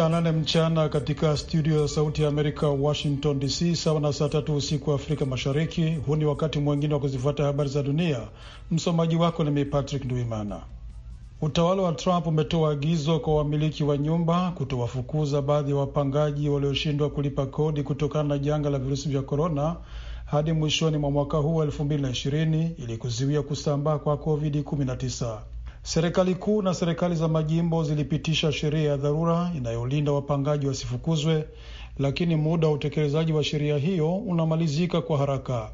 saa nane mchana katika studio ya Sauti ya Amerika, Washington DC, sawa na saa tatu usiku wa Afrika Mashariki. Huu ni wakati mwingine wa kuzifuata habari za dunia. Msomaji wako ni mimi Patrick Nduimana. Utawala wa Trump umetoa agizo kwa wamiliki wa nyumba kutowafukuza baadhi ya wapangaji walioshindwa kulipa kodi kutokana na janga la virusi vya korona hadi mwishoni mwa mwaka huu wa elfu mbili na ishirini ili kuzuia kusambaa kwa COVID-19. Serikali kuu na serikali za majimbo zilipitisha sheria ya dharura inayolinda wapangaji wasifukuzwe, lakini muda wa utekelezaji wa sheria hiyo unamalizika kwa haraka.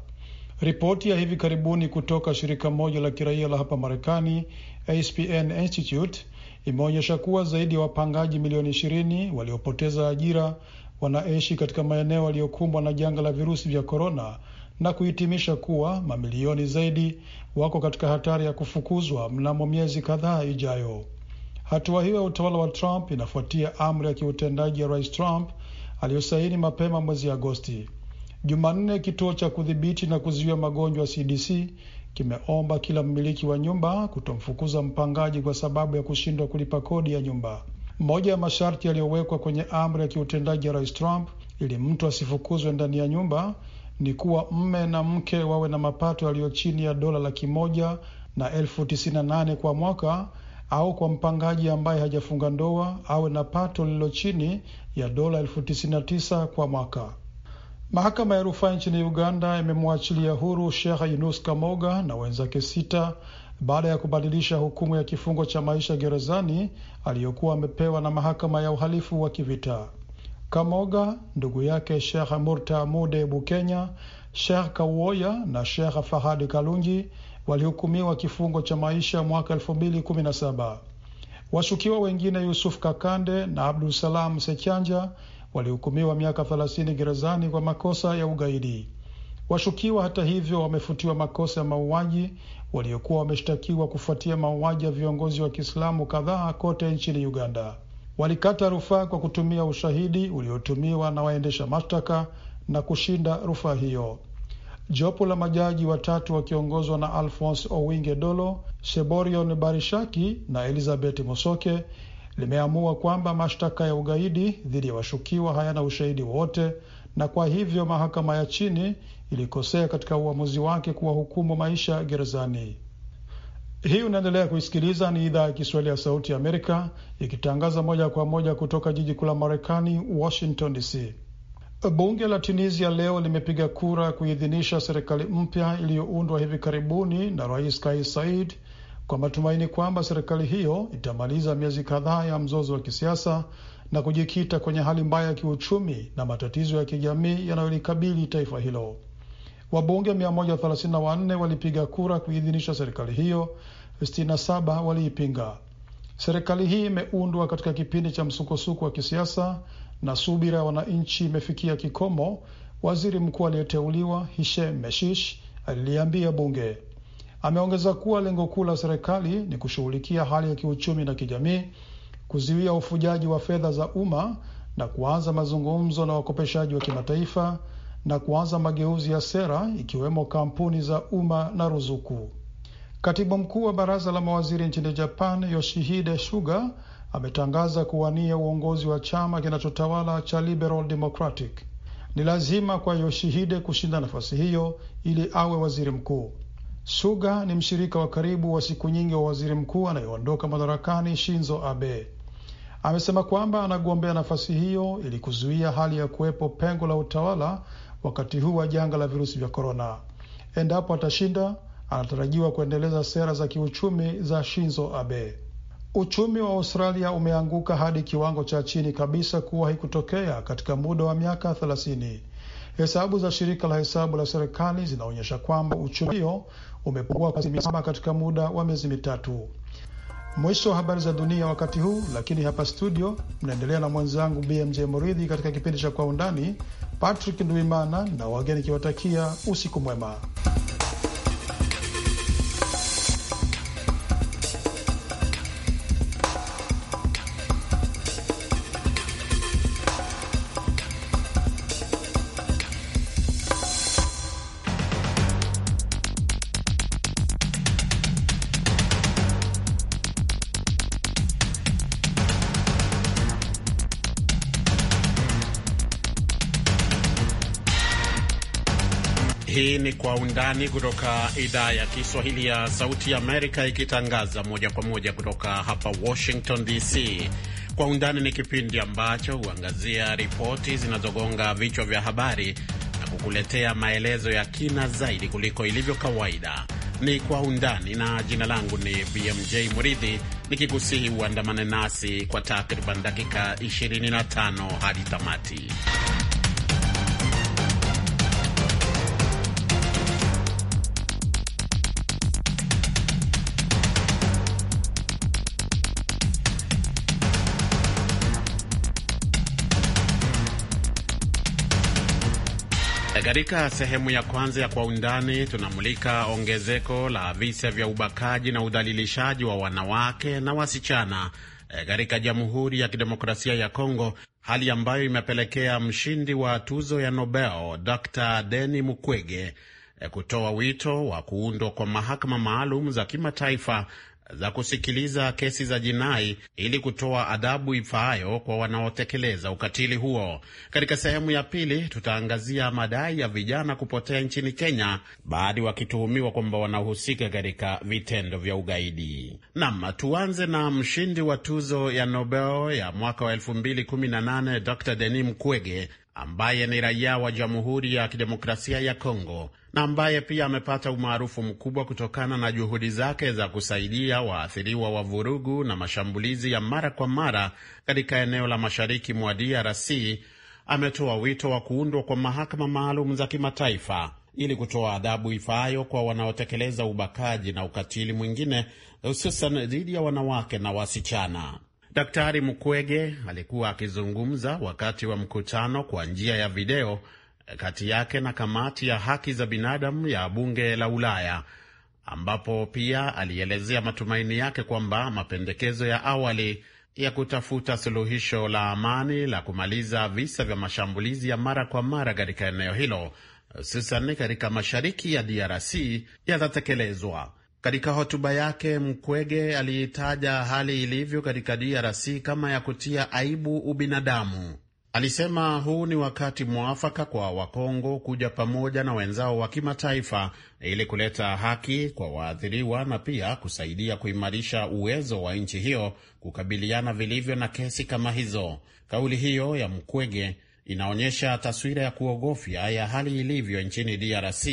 Ripoti ya hivi karibuni kutoka shirika moja la kiraia la hapa Marekani, ASPN Institute, imeonyesha kuwa zaidi ya wapangaji milioni ishirini waliopoteza ajira wanaishi katika maeneo yaliyokumbwa na janga la virusi vya korona na kuhitimisha kuwa mamilioni zaidi wako katika hatari ya kufukuzwa mnamo miezi kadhaa ijayo. Hatua hiyo ya utawala wa Trump inafuatia amri ya kiutendaji ya Rais Trump aliyosaini mapema mwezi Agosti. Jumanne, kituo cha kudhibiti na kuzuia magonjwa CDC kimeomba kila mmiliki wa nyumba kutomfukuza mpangaji kwa sababu ya kushindwa kulipa kodi ya nyumba. Moja ya masharti yaliyowekwa kwenye amri ya kiutendaji ya Rais Trump ili mtu asifukuzwe ndani ya nyumba ni kuwa mme na mke wawe na mapato yaliyo chini ya dola laki moja na elfu tisini na nane kwa mwaka au kwa mpangaji ambaye hajafunga ndoa awe na pato lililo chini ya dola elfu tisini na tisa kwa mwaka. Mahakama ya rufaa nchini Uganda imemwachilia huru Shekh Yunus Kamoga na wenzake sita baada ya kubadilisha hukumu ya kifungo cha maisha gerezani aliyokuwa amepewa na mahakama ya uhalifu wa kivita. Kamoga, ndugu yake Sheikh mude Bukenya, Sheikh Kawoya na Sheikh Fahadi Kalunji walihukumiwa kifungo cha maisha mwaka 2017. Washukiwa wengine Yusuf Kakande na abdul Salam Sechanja walihukumiwa miaka 30 gerezani kwa makosa ya ugaidi. Washukiwa hata hivyo wamefutiwa makosa ya mauaji waliokuwa wameshtakiwa kufuatia mauaji ya viongozi wa Kiislamu kadhaa kote nchini Uganda walikata rufaa kwa kutumia ushahidi uliotumiwa na waendesha mashtaka na kushinda rufaa hiyo. Jopo la majaji watatu wakiongozwa na Alphonse Owinge Dolo, Sheborion Barishaki na Elizabeth Mosoke limeamua kwamba mashtaka ya ugaidi dhidi ya washukiwa hayana ushahidi wowote, na kwa hivyo mahakama ya chini ilikosea katika uamuzi wake kuwahukumu maisha gerezani. Hii unaendelea kuisikiliza ni idhaa ya Kiswahili ya Sauti ya Amerika ikitangaza moja kwa moja kutoka jiji kuu la Marekani, Washington DC. Bunge la Tunisia leo limepiga kura kuidhinisha serikali mpya iliyoundwa hivi karibuni na Rais Kais said kwa matumaini kwamba serikali hiyo itamaliza miezi kadhaa ya mzozo wa kisiasa na kujikita kwenye hali mbaya ya kiuchumi na matatizo ya kijamii yanayolikabili taifa hilo. Wabunge 134 walipiga kura kuidhinisha serikali hiyo, 67 waliipinga. Serikali hii imeundwa katika kipindi cha msukosuko wa kisiasa na subira ya wananchi imefikia kikomo, waziri mkuu aliyeteuliwa hishe Meshish aliliambia bunge. Ameongeza kuwa lengo kuu la serikali ni kushughulikia hali ya kiuchumi na kijamii, kuzuia ufujaji wa fedha za umma na kuanza mazungumzo na wakopeshaji wa kimataifa na kuanza mageuzi ya sera ikiwemo kampuni za umma na ruzuku. Katibu mkuu wa baraza la mawaziri nchini Japan, Yoshihide Suga, ametangaza kuwania uongozi wa chama kinachotawala cha Liberal Democratic. Ni lazima kwa Yoshihide kushinda nafasi hiyo ili awe waziri mkuu. Suga ni mshirika wa karibu wa siku nyingi wa waziri mkuu anayeondoka madarakani Shinzo Abe. Amesema kwamba anagombea nafasi hiyo ili kuzuia hali ya kuwepo pengo la utawala wakati huu wa janga la virusi vya korona. Endapo atashinda, anatarajiwa kuendeleza sera za kiuchumi za Shinzo Abe. Uchumi wa Australia umeanguka hadi kiwango cha chini kabisa kuwahi kutokea katika muda wa miaka 30. Hesabu za shirika la hesabu la serikali zinaonyesha kwamba uchumi hiyo umepungua kwa asilimia saba katika muda wa miezi mitatu. Mwisho wa habari za dunia wakati huu, lakini hapa studio mnaendelea na mwenzangu BMJ Muridhi katika kipindi cha Kwa Undani, Patrick Ndwimana na wageni kiwatakia usiku mwema. undani kutoka idhaa ya Kiswahili ya Sauti Amerika ikitangaza moja kwa moja kutoka hapa Washington DC. Kwa undani ni kipindi ambacho huangazia ripoti zinazogonga vichwa vya habari na kukuletea maelezo ya kina zaidi kuliko ilivyo kawaida. Ni kwa undani, na jina langu ni BMJ Muridhi, nikikusihi uandamane nasi kwa takriban dakika 25 hadi tamati. Katika sehemu ya kwanza ya Kwa Undani tunamulika ongezeko la visa vya ubakaji na udhalilishaji wa wanawake na wasichana eh, katika Jamhuri ya Kidemokrasia ya Kongo, hali ambayo imepelekea mshindi wa tuzo ya Nobel Dr Denis Mukwege eh, kutoa wito wa kuundwa kwa mahakama maalum za kimataifa za kusikiliza kesi za jinai ili kutoa adhabu ifaayo kwa wanaotekeleza ukatili huo. Katika sehemu ya pili, tutaangazia madai ya vijana kupotea nchini Kenya, baadhi wakituhumiwa kwamba wanahusika katika vitendo vya ugaidi. Nam, tuanze na mshindi wa tuzo ya Nobel ya mwaka wa 2018 Dr Denis Mukwege ambaye ni raia wa Jamhuri ya Kidemokrasia ya Kongo na ambaye pia amepata umaarufu mkubwa kutokana na juhudi zake za kusaidia waathiriwa wa vurugu na mashambulizi ya mara kwa mara katika eneo la mashariki mwa DRC, ametoa wito wa kuundwa kwa mahakama maalum za kimataifa ili kutoa adhabu ifaayo kwa wanaotekeleza ubakaji na ukatili mwingine, hususan dhidi ya wanawake na wasichana. Daktari Mukwege alikuwa akizungumza wakati wa mkutano kwa njia ya video eh, kati yake na kamati ya haki za binadamu ya bunge la Ulaya, ambapo pia alielezea matumaini yake kwamba mapendekezo ya awali ya kutafuta suluhisho la amani la kumaliza visa vya mashambulizi ya mara kwa mara katika eneo hilo, hususan katika mashariki ya DRC yatatekelezwa. Katika hotuba yake, Mkwege aliitaja hali ilivyo katika DRC kama ya kutia aibu ubinadamu. Alisema huu ni wakati mwafaka kwa Wakongo kuja pamoja na wenzao wa kimataifa ili kuleta haki kwa waathiriwa na pia kusaidia kuimarisha uwezo wa nchi hiyo kukabiliana vilivyo na kesi kama hizo. Kauli hiyo ya Mkwege inaonyesha taswira ya kuogofya ya hali ilivyo nchini DRC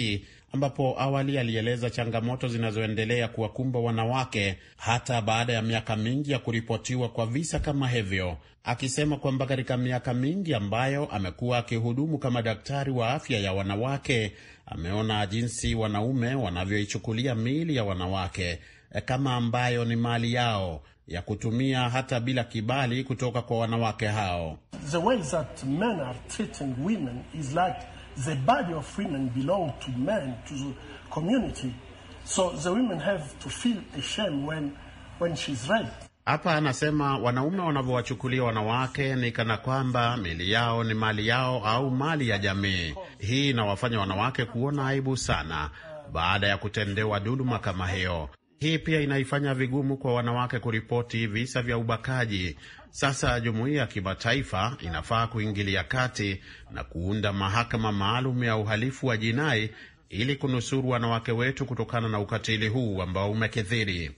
ambapo awali alieleza changamoto zinazoendelea kuwakumba wanawake hata baada ya miaka mingi ya kuripotiwa kwa visa kama hivyo, akisema kwamba katika miaka mingi ambayo amekuwa akihudumu kama daktari wa afya ya wanawake, ameona jinsi wanaume wanavyoichukulia miili ya wanawake eh, kama ambayo ni mali yao ya kutumia hata bila kibali kutoka kwa wanawake hao. The way that men are treating women is like the body of women belong to men, to the community. So the women have to feel ashamed when, when she's raped. Hapa anasema wanaume wanavyowachukulia wanawake ni kana kwamba mili yao ni mali yao au mali ya jamii. Hii inawafanya wanawake kuona aibu sana baada ya kutendewa dhuluma kama hiyo. Hii pia inaifanya vigumu kwa wanawake kuripoti visa vya ubakaji. Sasa jumuiya ya kimataifa inafaa kuingilia kati na kuunda mahakama maalum ya uhalifu wa jinai ili kunusuru wanawake wetu kutokana na ukatili huu ambao umekithiri.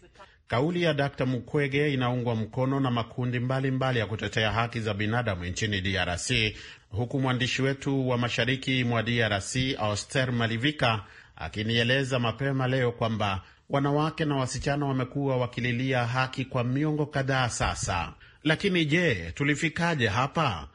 Kauli ya Dkt. Mukwege inaungwa mkono na makundi mbalimbali mbali ya kutetea haki za binadamu nchini DRC, huku mwandishi wetu wa mashariki mwa DRC Auster Malivika akinieleza mapema leo kwamba wanawake na wasichana wamekuwa wakililia haki kwa miongo kadhaa sasa. Lakini je, tulifikaje hapa?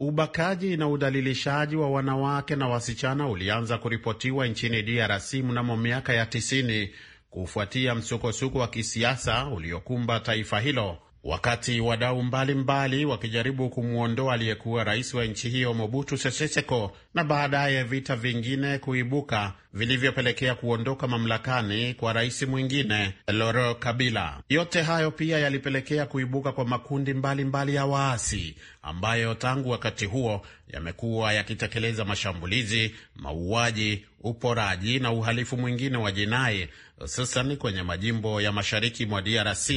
Ubakaji na udhalilishaji wa wanawake na wasichana ulianza kuripotiwa nchini DRC mnamo miaka ya 90 kufuatia msukosuko wa kisiasa uliokumba taifa hilo wakati wadau mbalimbali wakijaribu kumwondoa aliyekuwa rais wa nchi hiyo Mobutu Sese Seko na baadaye vita vingine kuibuka vilivyopelekea kuondoka mamlakani kwa rais mwingine Loro Kabila. Yote hayo pia yalipelekea kuibuka kwa makundi mbalimbali mbali ya waasi ambayo tangu wakati huo yamekuwa yakitekeleza mashambulizi, mauaji, uporaji na uhalifu mwingine wa jinai hususan kwenye majimbo ya mashariki mwa DRC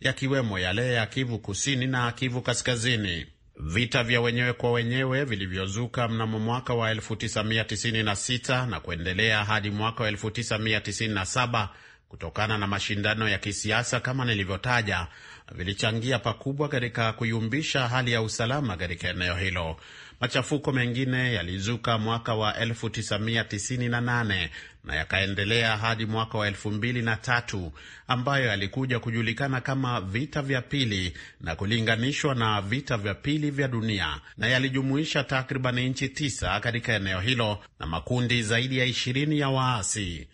yakiwemo yale ya Kivu Kusini na Kivu Kaskazini. Vita vya wenyewe kwa wenyewe vilivyozuka mnamo mwaka wa 1996 na kuendelea hadi mwaka wa 1997 kutokana na mashindano ya kisiasa kama nilivyotaja, vilichangia pakubwa katika kuyumbisha hali ya usalama katika eneo hilo. Machafuko mengine yalizuka mwaka wa 1998 na yakaendelea hadi mwaka wa 2003 ambayo yalikuja kujulikana kama vita vya pili na kulinganishwa na vita vya pili vya dunia, na yalijumuisha takriban nchi tisa katika eneo hilo na makundi zaidi ya 20 ya waasi.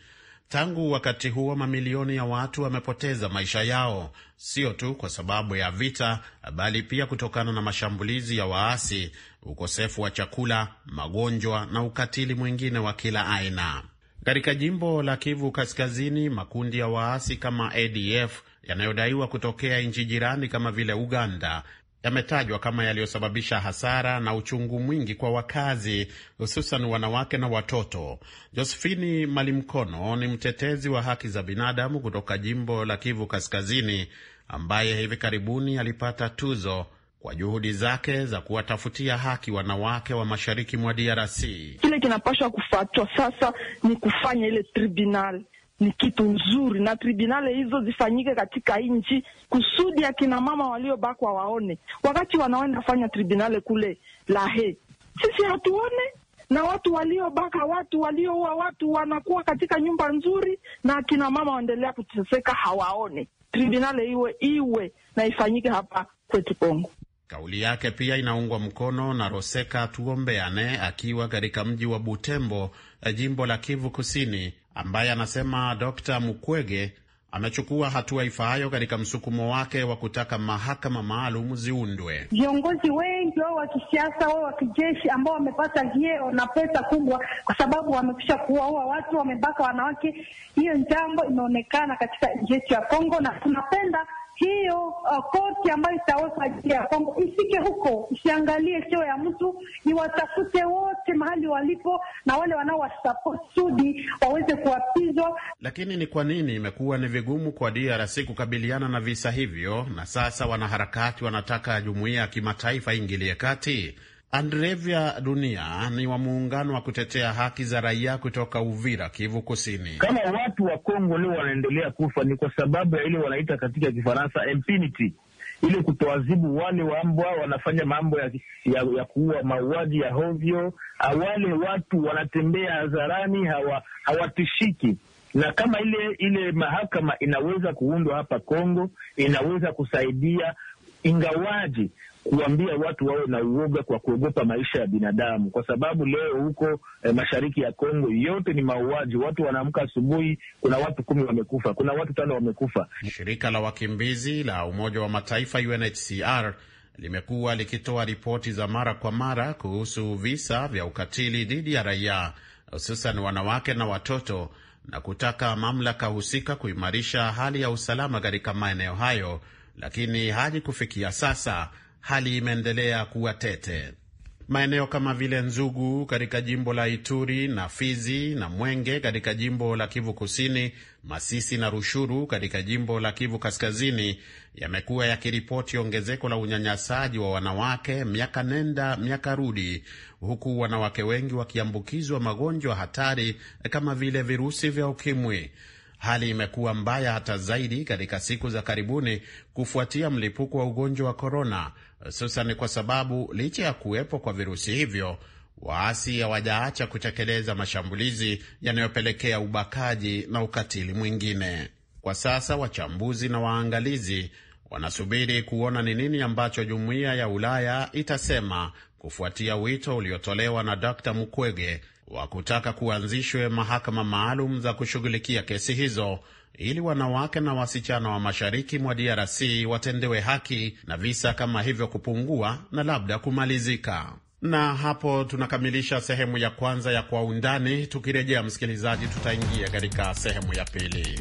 Tangu wakati huo mamilioni ya watu wamepoteza maisha yao, sio tu kwa sababu ya vita, bali pia kutokana na mashambulizi ya waasi, ukosefu wa chakula, magonjwa na ukatili mwingine wa kila aina. Katika jimbo la Kivu Kaskazini, makundi ya waasi kama ADF yanayodaiwa kutokea nchi jirani kama vile Uganda yametajwa kama yaliyosababisha hasara na uchungu mwingi kwa wakazi, hususan wanawake na watoto. Josephini Malimkono ni mtetezi wa haki za binadamu kutoka jimbo la Kivu Kaskazini, ambaye hivi karibuni alipata tuzo kwa juhudi zake za kuwatafutia haki wanawake wa mashariki mwa DRC. Kile kinapashwa kufuatwa sasa ni kufanya ile tribunal ni kitu nzuri, na tribunale hizo zifanyike katika nchi kusudi akina mama waliobakwa waone, wakati wanaenda fanya tribunale kule Lahe, sisi hatuone na watu waliobaka watu walioua watu wanakuwa katika nyumba nzuri, na akina mama waendelea kuteseka, hawaone. Tribunale iwe iwe na ifanyike hapa kwetu Kongo. Kauli yake pia inaungwa mkono na Roseka Tuombeane akiwa katika mji wa Butembo, jimbo la Kivu Kusini, ambaye anasema Dr. Mukwege amechukua hatua ifaayo katika msukumo wake wa kutaka mahakama maalum ziundwe. Viongozi wengi wao wa kisiasa, wao wa kijeshi, ambao wamepata vyeo na pesa kubwa, kwa sababu wamekisha kuwaua watu, wamebaka wanawake. Hiyo jambo imeonekana katika nchi yetu ya Kongo, na tunapenda hiyo uh, koti ambayo itaweka ajili ya Kongo ifike huko, isiangalie cheo ya mtu, iwatafute wote mahali walipo na wale wanaowasapoti sudi waweze kuwapizwa. Lakini ni kwa nini imekuwa ni vigumu kwa DRC kukabiliana na visa hivyo, na sasa wanaharakati wanataka jumuiya ya kimataifa iingilie kati? Andrevia Dunia ni wa muungano wa kutetea haki za raia kutoka Uvira, Kivu Kusini. Kama watu wa Kongo leo wanaendelea kufa ni kwa sababu ya ile wanaita katika Kifaransa impunity, ili kutoadhibu wale wambwa wanafanya mambo ya, ya, ya kuua mauaji ya hovyo. Wale watu wanatembea hadharani, hawatishiki na kama ile ile mahakama inaweza kuundwa hapa Kongo, inaweza kusaidia ingawaji kuambia watu wawe na uoga kwa kuogopa maisha ya binadamu, kwa sababu leo huko e, mashariki ya Kongo yote ni mauaji. Watu wanaamka asubuhi, kuna watu kumi wamekufa, kuna watu tano wamekufa. Shirika la wakimbizi la Umoja wa Mataifa UNHCR limekuwa likitoa ripoti za mara kwa mara kuhusu visa vya ukatili dhidi ya raia, hususan wanawake na watoto, na kutaka mamlaka husika kuimarisha hali ya usalama katika maeneo hayo lakini hadi kufikia sasa hali imeendelea kuwa tete. Maeneo kama vile Nzugu katika jimbo la Ituri na Fizi na Mwenge katika jimbo la Kivu Kusini, Masisi na Rushuru katika jimbo la Kivu Kaskazini yamekuwa yakiripoti ongezeko la unyanyasaji wa wanawake miaka nenda miaka rudi, huku wanawake wengi wakiambukizwa magonjwa hatari kama vile virusi vya ukimwi. Hali imekuwa mbaya hata zaidi katika siku za karibuni kufuatia mlipuko wa ugonjwa wa korona, hususan kwa sababu licha ya kuwepo kwa virusi hivyo waasi hawajaacha kutekeleza mashambulizi yanayopelekea ubakaji na ukatili mwingine. Kwa sasa wachambuzi na waangalizi wanasubiri kuona ni nini ambacho jumuiya ya Ulaya itasema kufuatia wito uliotolewa na Dr Mukwege wa kutaka kuanzishwe mahakama maalum za kushughulikia kesi hizo ili wanawake na wasichana wa mashariki mwa DRC watendewe haki na visa kama hivyo kupungua na labda kumalizika. Na hapo tunakamilisha sehemu ya kwanza ya Kwa Undani. Tukirejea msikilizaji, tutaingia katika sehemu ya pili.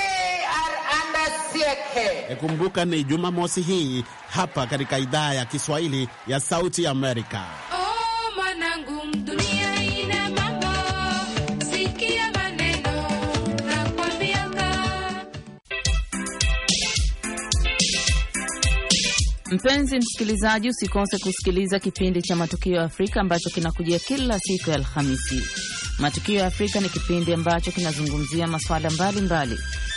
Kumbuka ni Jumamosi hii hapa katika idhaa ya Kiswahili ya Sauti Amerika. Oh, Mpenzi msikilizaji, usikose kusikiliza kipindi cha Matukio ya Afrika ambacho kinakujia kila siku ya Alhamisi. Matukio ya Afrika ni kipindi ambacho kinazungumzia masuala mbalimbali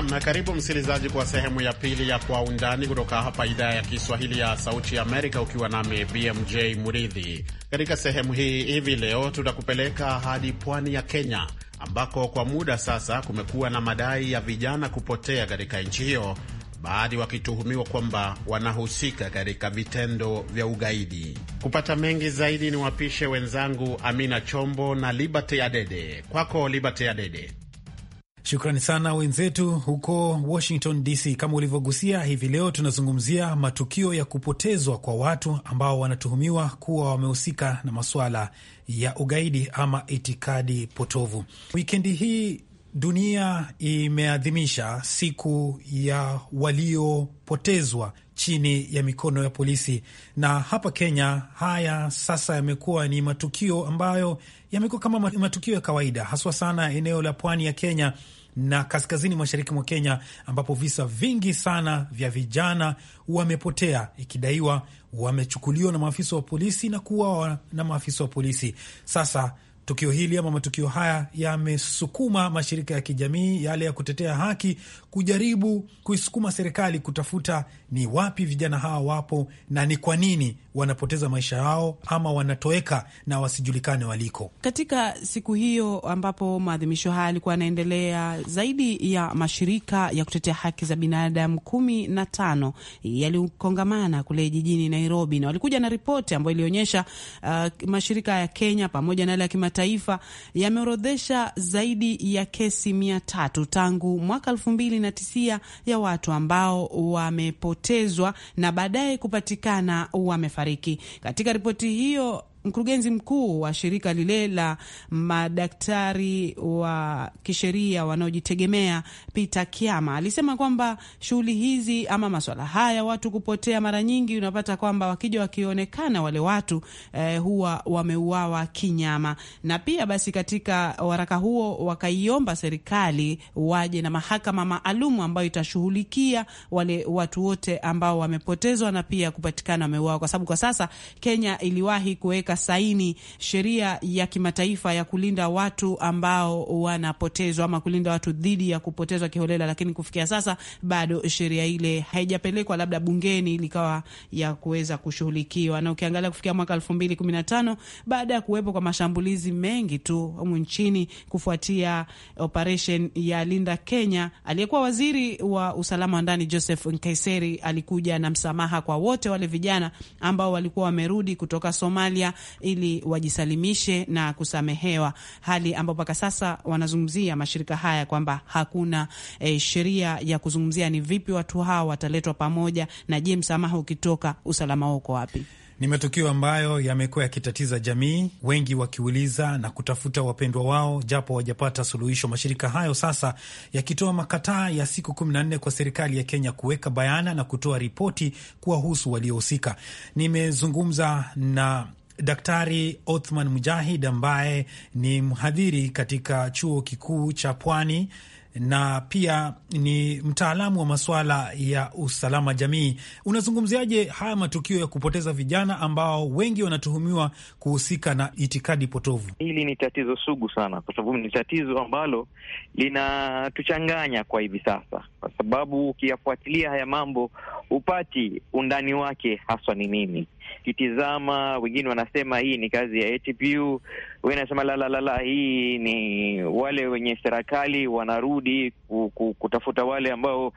Nam na karibu msikilizaji kwa sehemu ya pili ya Kwa Undani kutoka hapa idhaa ya Kiswahili ya Sauti ya Amerika, ukiwa nami BMJ Muridhi. Katika sehemu hii hivi leo tutakupeleka hadi pwani ya Kenya ambako kwa muda sasa kumekuwa na madai ya vijana kupotea katika nchi hiyo, baadhi wakituhumiwa kwamba wanahusika katika vitendo vya ugaidi. Kupata mengi zaidi, ni wapishe wenzangu Amina Chombo na Liberty Adede. Kwako Liberty Adede. Shukrani sana wenzetu huko Washington DC. Kama ulivyogusia, hivi leo tunazungumzia matukio ya kupotezwa kwa watu ambao wanatuhumiwa kuwa wamehusika na masuala ya ugaidi ama itikadi potovu. Wikendi hii dunia imeadhimisha siku ya waliopotezwa chini ya mikono ya polisi. Na hapa Kenya, haya sasa yamekuwa ni matukio ambayo yamekuwa kama matukio ya kawaida, haswa sana eneo la pwani ya Kenya na kaskazini mashariki mwa Kenya, ambapo visa vingi sana vya vijana wamepotea ikidaiwa wamechukuliwa na maafisa wa polisi na kuuawa na maafisa wa polisi. Sasa Tukio hili ama matukio haya yamesukuma mashirika ya kijamii yale ya kutetea haki kujaribu kuisukuma serikali kutafuta ni wapi vijana hawa wapo na ni kwa nini wanapoteza maisha yao ama wanatoweka na wasijulikane waliko. Katika siku hiyo ambapo maadhimisho haya yalikuwa yanaendelea, zaidi ya mashirika ya kutetea haki za binadamu kumi na tano yalikongamana kule jijini Nairobi na walikuja na ripoti ambayo ilionyesha uh, mashirika ya Kenya pamoja na yale ya kimataifa yameorodhesha zaidi ya kesi mia tatu tangu mwaka elfu mbili na tisia ya watu ambao wamepotezwa na baadaye kupatikana wamefariki. Katika ripoti hiyo mkurugenzi mkuu wa shirika lile la madaktari wa kisheria wanaojitegemea Peter Kiama alisema kwamba shughuli hizi ama maswala haya watu kupotea, mara nyingi unapata kwamba wakija wakionekana wale watu eh, huwa wameuawa kinyama. Na pia basi, katika waraka huo wakaiomba serikali waje na mahakama maalum ambayo itashughulikia wale watu wote ambao wamepotezwa na pia kupatikana wameuawa, kwa sababu kwa sasa Kenya iliwahi kuweka kuweka saini sheria ya kimataifa ya kulinda watu ambao wanapotezwa ama kulinda watu dhidi ya kupotezwa kiholela, lakini kufikia sasa bado sheria ile haijapelekwa labda bungeni likawa ya kuweza kushughulikiwa. Na ukiangalia kufikia mwaka elfu mbili kumi na tano baada ya kuwepo kwa mashambulizi mengi tu humu nchini kufuatia operation ya Linda Kenya, aliyekuwa waziri wa usalama wa ndani Joseph Nkaiseri alikuja na msamaha kwa wote wale vijana ambao walikuwa wamerudi kutoka Somalia ili wajisalimishe na kusamehewa, hali ambapo mpaka sasa wanazungumzia mashirika haya kwamba hakuna e, sheria ya kuzungumzia ni vipi watu hawa wataletwa pamoja, na je, msamaha ukitoka usalama wao uko wapi? Ni matukio ambayo yamekuwa yakitatiza jamii, wengi wakiuliza na kutafuta wapendwa wao japo wajapata suluhisho. Mashirika hayo sasa yakitoa makataa ya siku kumi kwa serikali ya Kenya kuweka bayana na kutoa ripoti kuwahusu waliohusika. Nimezungumza na Daktari Othman Mujahid ambaye ni mhadhiri katika chuo kikuu cha Pwani na pia ni mtaalamu wa masuala ya usalama jamii. Unazungumziaje haya matukio ya kupoteza vijana ambao wengi wanatuhumiwa kuhusika na itikadi potovu? Hili ni tatizo sugu sana, kwa sababu ni tatizo ambalo linatuchanganya kwa hivi sasa, kwa sababu ukiyafuatilia haya mambo upati undani wake haswa ni nini kitizama, wengine wanasema hii ni kazi ya ATPU, wengine wanasema la, la, la, la, hii ni wale wenye serikali wanarudi kutafuta wale ambao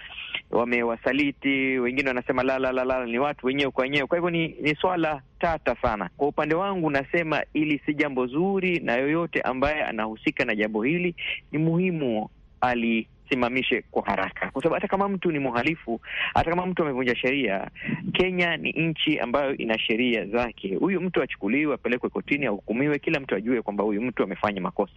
wamewasaliti, wengine wanasema la, la, la, la, ni watu wenyewe kwa wenyewe. Kwa hivyo ni, ni swala tata sana. Kwa upande wangu nasema ili si jambo zuri, na yoyote ambaye anahusika na jambo hili ni muhimu ali simamishe kwa haraka, kwa sababu hata kama mtu ni mhalifu, hata kama mtu amevunja sheria, Kenya ni nchi ambayo ina sheria zake. Huyu mtu achukuliwe, apelekwe kotini, ahukumiwe, kila mtu ajue kwamba huyu mtu amefanya makosa.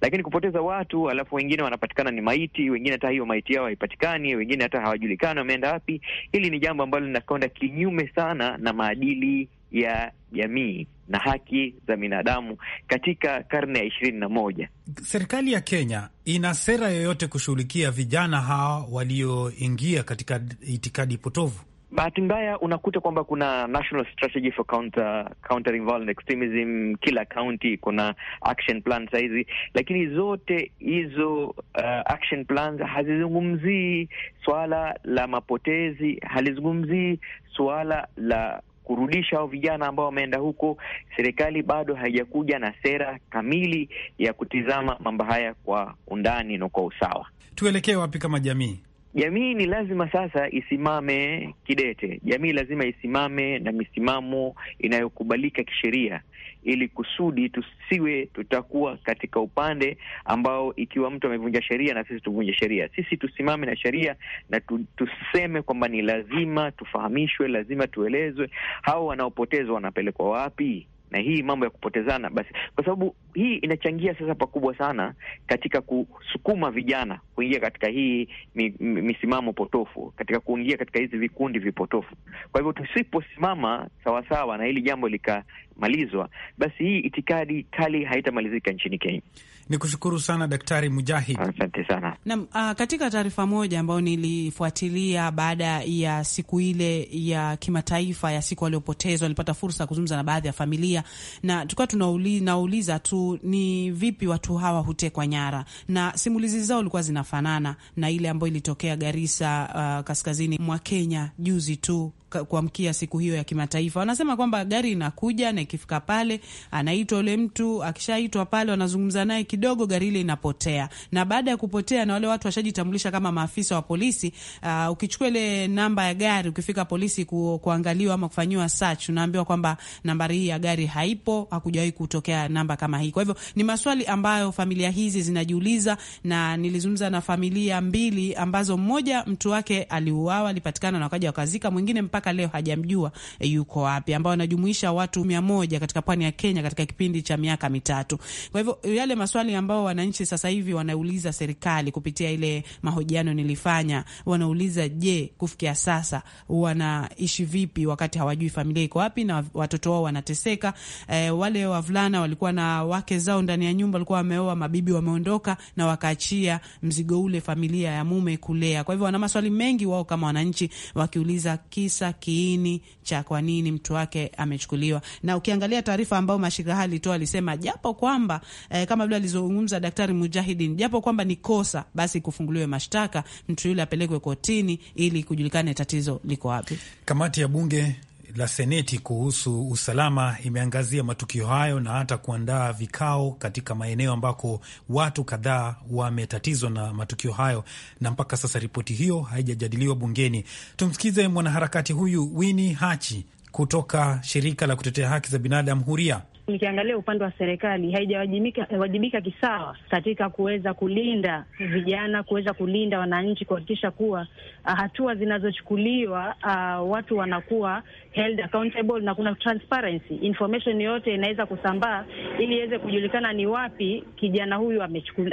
Lakini kupoteza watu, alafu wengine wanapatikana ni maiti, wengine hata hiyo maiti yao haipatikani, wengine hata hawajulikani wameenda wapi, hili ni jambo ambalo linakwenda kinyume sana na maadili ya jamii na haki za binadamu katika karne ya ishirini na moja. Serikali ya Kenya ina sera yoyote kushughulikia vijana hawa walioingia katika itikadi potovu? Bahati mbaya unakuta kwamba kuna national strategy for counter, countering violent extremism. Kila kaunti kuna action plan sahizi, lakini zote hizo uh, action plans hazizungumzii swala la mapotezi, halizungumzii suala la kurudisha hao vijana ambao wameenda huko, serikali bado haijakuja na sera kamili ya kutizama mambo haya kwa undani na kwa usawa. Tuelekee wapi kama jamii? Jamii ni lazima sasa isimame kidete. Jamii lazima isimame na misimamo inayokubalika kisheria ili kusudi tusiwe tutakuwa katika upande ambao ikiwa mtu amevunja sheria na sisi tuvunje sheria. Sisi tusimame na sheria na tu, tuseme kwamba ni lazima tufahamishwe, lazima tuelezwe hao wanaopotezwa wanapelekwa wapi na hii mambo ya kupotezana basi, kwa sababu hii inachangia sasa pakubwa sana katika kusukuma vijana kuingia katika hii mi, mi, misimamo potofu, katika kuingia katika hizi vikundi vipotofu. Kwa hivyo tusiposimama sawasawa na hili jambo lika malizwa, basi hii itikadi kali haitamalizika nchini Kenya. Ni kushukuru sana Daktari Mujahid, asante sana nam. Uh, ah, katika taarifa moja ambayo nilifuatilia baada ya siku ile ya kimataifa ya siku waliopotezwa, nilipata fursa ya kuzungumza na baadhi ya familia na tukawa tunauliza tu ni vipi watu hawa hutekwa nyara, na simulizi zao ilikuwa zinafanana na ile ambayo ilitokea Garissa, uh, kaskazini mwa Kenya juzi tu kuamkia siku hiyo ya kimataifa. Wanasema kwamba gari inakuja na ikifika pale anaitwa yule mtu, akishaitwa pale wanazungumza naye kidogo, gari ile inapotea, na baada ya kupotea na wale watu washajitambulisha kama maafisa wa polisi, uh, ukichukua ile namba ya gari ukifika polisi ku, kuangaliwa ama kufanyiwa search, unaambiwa kwamba nambari hii ya gari haipo, hakujawahi kutokea namba kama hii. Kwa hivyo ni maswali ambayo familia hizi zinajiuliza, na nilizungumza na familia mbili ambazo mmoja mtu wake aliuawa, alipatikana na wakaja wakazika, mwingine mpaka mpaka leo hajamjua e, yuko wapi, ambao wanajumuisha watu mia moja katika pwani ya Kenya katika kipindi cha miaka mitatu. Kwa hivyo eh, yale maswali ambao wananchi sasa hivi wanauliza serikali kupitia ile mahojiano nilifanya, wanauliza je, kufikia sasa wanaishi vipi wakati hawajui familia iko wapi na watoto wao wanateseka. E, wale wavulana walikuwa na wake zao ndani ya nyumba, walikuwa wameoa, mabibi wameondoka na wakaachia mzigo ule familia ya mume kulea. Kwa hivyo wana maswali mengi wao kama wananchi wakiuliza kisa kiini cha kwa nini mtu wake amechukuliwa. Na ukiangalia taarifa ambayo mashirika haya alitoa, alisema japo kwamba eh, kama vile alizungumza Daktari Mujahidin, japo kwamba ni kosa, basi kufunguliwe mashtaka, mtu yule apelekwe kotini ili kujulikane tatizo liko wapi. Kamati ya bunge la Seneti kuhusu usalama imeangazia matukio hayo na hata kuandaa vikao katika maeneo ambako watu kadhaa wametatizwa na matukio hayo, na mpaka sasa ripoti hiyo haijajadiliwa bungeni. Tumsikize mwanaharakati huyu Wini Hachi kutoka shirika la kutetea haki za binadamu Huria. Nikiangalia upande wa serikali haijawajibika kisawa katika kuweza kulinda vijana, kuweza kulinda wananchi, kuhakikisha kuwa uh, hatua zinazochukuliwa uh, watu wanakuwa held accountable na kuna transparency, information yote inaweza kusambaa ili iweze kujulikana ni wapi kijana huyu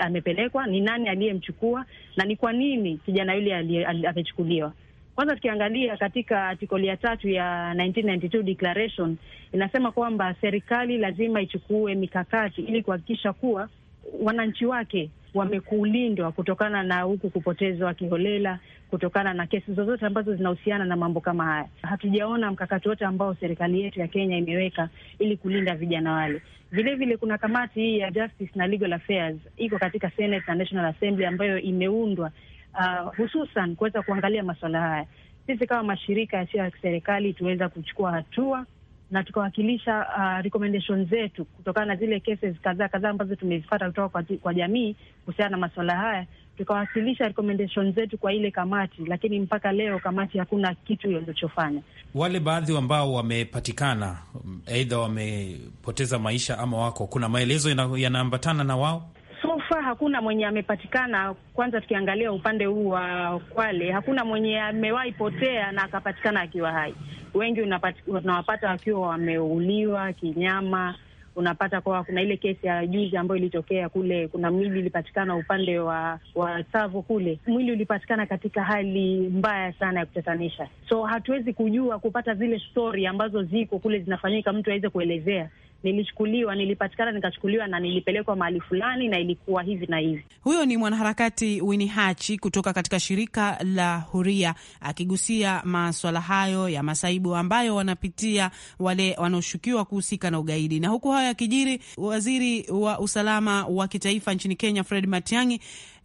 amepelekwa, ni nani aliyemchukua na ni kwa nini kijana yule amechukuliwa. Kwanza tukiangalia katika artikoli ya tatu ya 1992 declaration inasema kwamba serikali lazima ichukue mikakati ili kuhakikisha kuwa wananchi wake wamekulindwa kutokana na huku kupotezwa kiholela, kutokana na kesi zozote ambazo zinahusiana na mambo kama haya. Hatujaona mkakati wote ambao serikali yetu ya Kenya imeweka ili kulinda vijana wale. Vilevile kuna kamati hii ya Justice na Legal Affairs iko katika Senate na National Assembly ambayo imeundwa uh, hususan kuweza kuangalia masuala haya. Sisi kama mashirika yasiyo ya kiserikali tuweza kuchukua hatua na tukawakilisha uh, recommendation zetu kutokana na zile cases kadhaa kadhaa ambazo tumezipata kutoka kwa, kwa jamii kuhusiana na masuala haya, tukawasilisha recommendation zetu kwa ile kamati, lakini mpaka leo kamati hakuna kitu ilichofanya. Wale baadhi ambao wamepatikana aidha wamepoteza maisha ama wako, kuna maelezo yanaambatana na wao kuwa hakuna mwenye amepatikana, kwanza tukiangalia upande huu wa Kwale, hakuna mwenye amewahi potea na akapatikana akiwa hai. Wengi unawapata wakiwa wameuliwa kinyama. Unapata kwa kuna ile kesi ya juzi ambayo ilitokea kule, kuna mwili ulipatikana upande wa wa Tsavo kule, mwili ulipatikana katika hali mbaya sana ya kutatanisha. So hatuwezi kujua kupata zile stori ambazo ziko kule zinafanyika, mtu aweze kuelezea nilichukuliwa, nilipatikana, nikachukuliwa na nilipelekwa mahali fulani na ilikuwa hivi na hivi. Huyo ni mwanaharakati wini Hachi kutoka katika shirika la Huria akigusia maswala hayo ya masaibu ambayo wanapitia wale wanaoshukiwa kuhusika na ugaidi. Na huku hayo yakijiri, waziri wa usalama wa kitaifa nchini Kenya Fred Matiang'i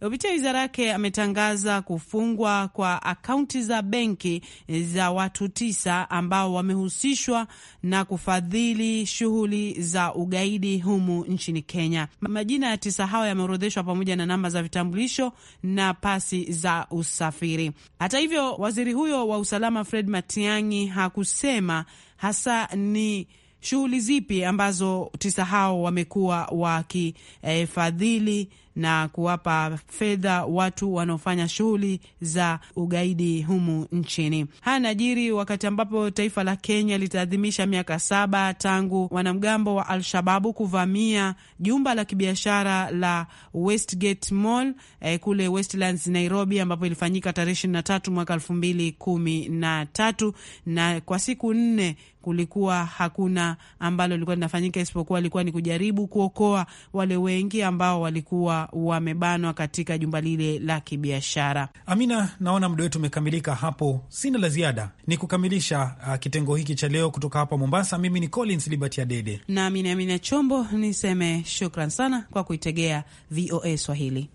kupitia wizara yake ametangaza kufungwa kwa akaunti za benki za watu tisa ambao wamehusishwa na kufadhili shughuli za ugaidi humu nchini Kenya. Majina ya tisa hao yameorodheshwa pamoja na namba za vitambulisho na pasi za usafiri. Hata hivyo, waziri huyo wa usalama Fred Matiang'i hakusema hasa ni shughuli zipi ambazo tisa hao wamekuwa wakifadhili eh, na kuwapa fedha watu wanaofanya shughuli za ugaidi humu nchini. Haya najiri wakati ambapo taifa la Kenya litaadhimisha miaka saba tangu wanamgambo wa Al-Shababu kuvamia jumba la kibiashara la Westgate Mall eh, kule Westlands Nairobi, ambapo ilifanyika tarehe ishirini na tatu mwaka elfu mbili kumi na tatu na kwa siku nne kulikuwa hakuna ambalo lilikuwa linafanyika isipokuwa ilikuwa ni kujaribu kuokoa wale wengi ambao walikuwa wamebanwa katika jumba lile la kibiashara. Amina, naona muda wetu umekamilika hapo, sina la ziada, ni kukamilisha uh, kitengo hiki cha leo kutoka hapa Mombasa. Mimi ni Collins Liberty Adede nami ni Amina Chombo, niseme shukran sana kwa kuitegea VOA Swahili.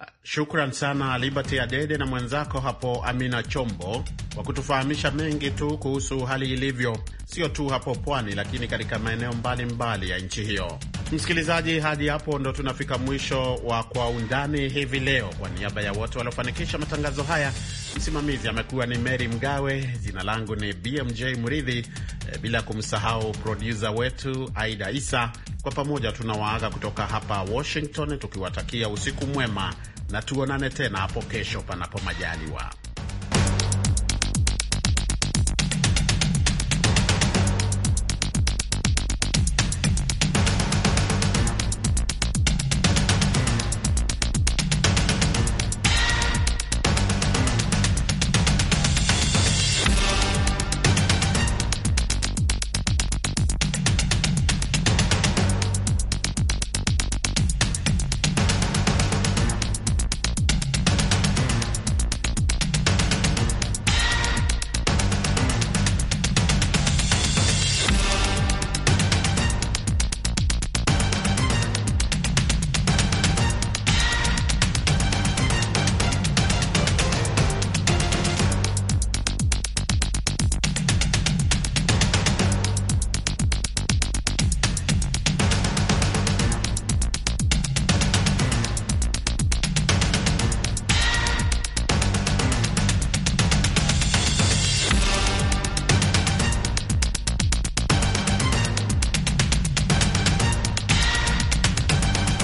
Uh, shukran sana Liberty Adede na mwenzako hapo Amina Chombo kwa kutufahamisha mengi tu kuhusu hali ilivyo, sio tu hapo pwani, lakini katika maeneo mbalimbali ya nchi hiyo. Msikilizaji, hadi hapo ndo tunafika mwisho wa Kwa Undani hivi leo. Kwa niaba ya wote waliofanikisha matangazo haya, msimamizi amekuwa ni Mary Mgawe, jina langu ni BMJ mridhi eh, bila kumsahau produsa wetu Aida Isa. Kwa pamoja tunawaaga kutoka hapa Washington, tukiwatakia usiku mwema na tuonane tena hapo kesho, panapo majaliwa.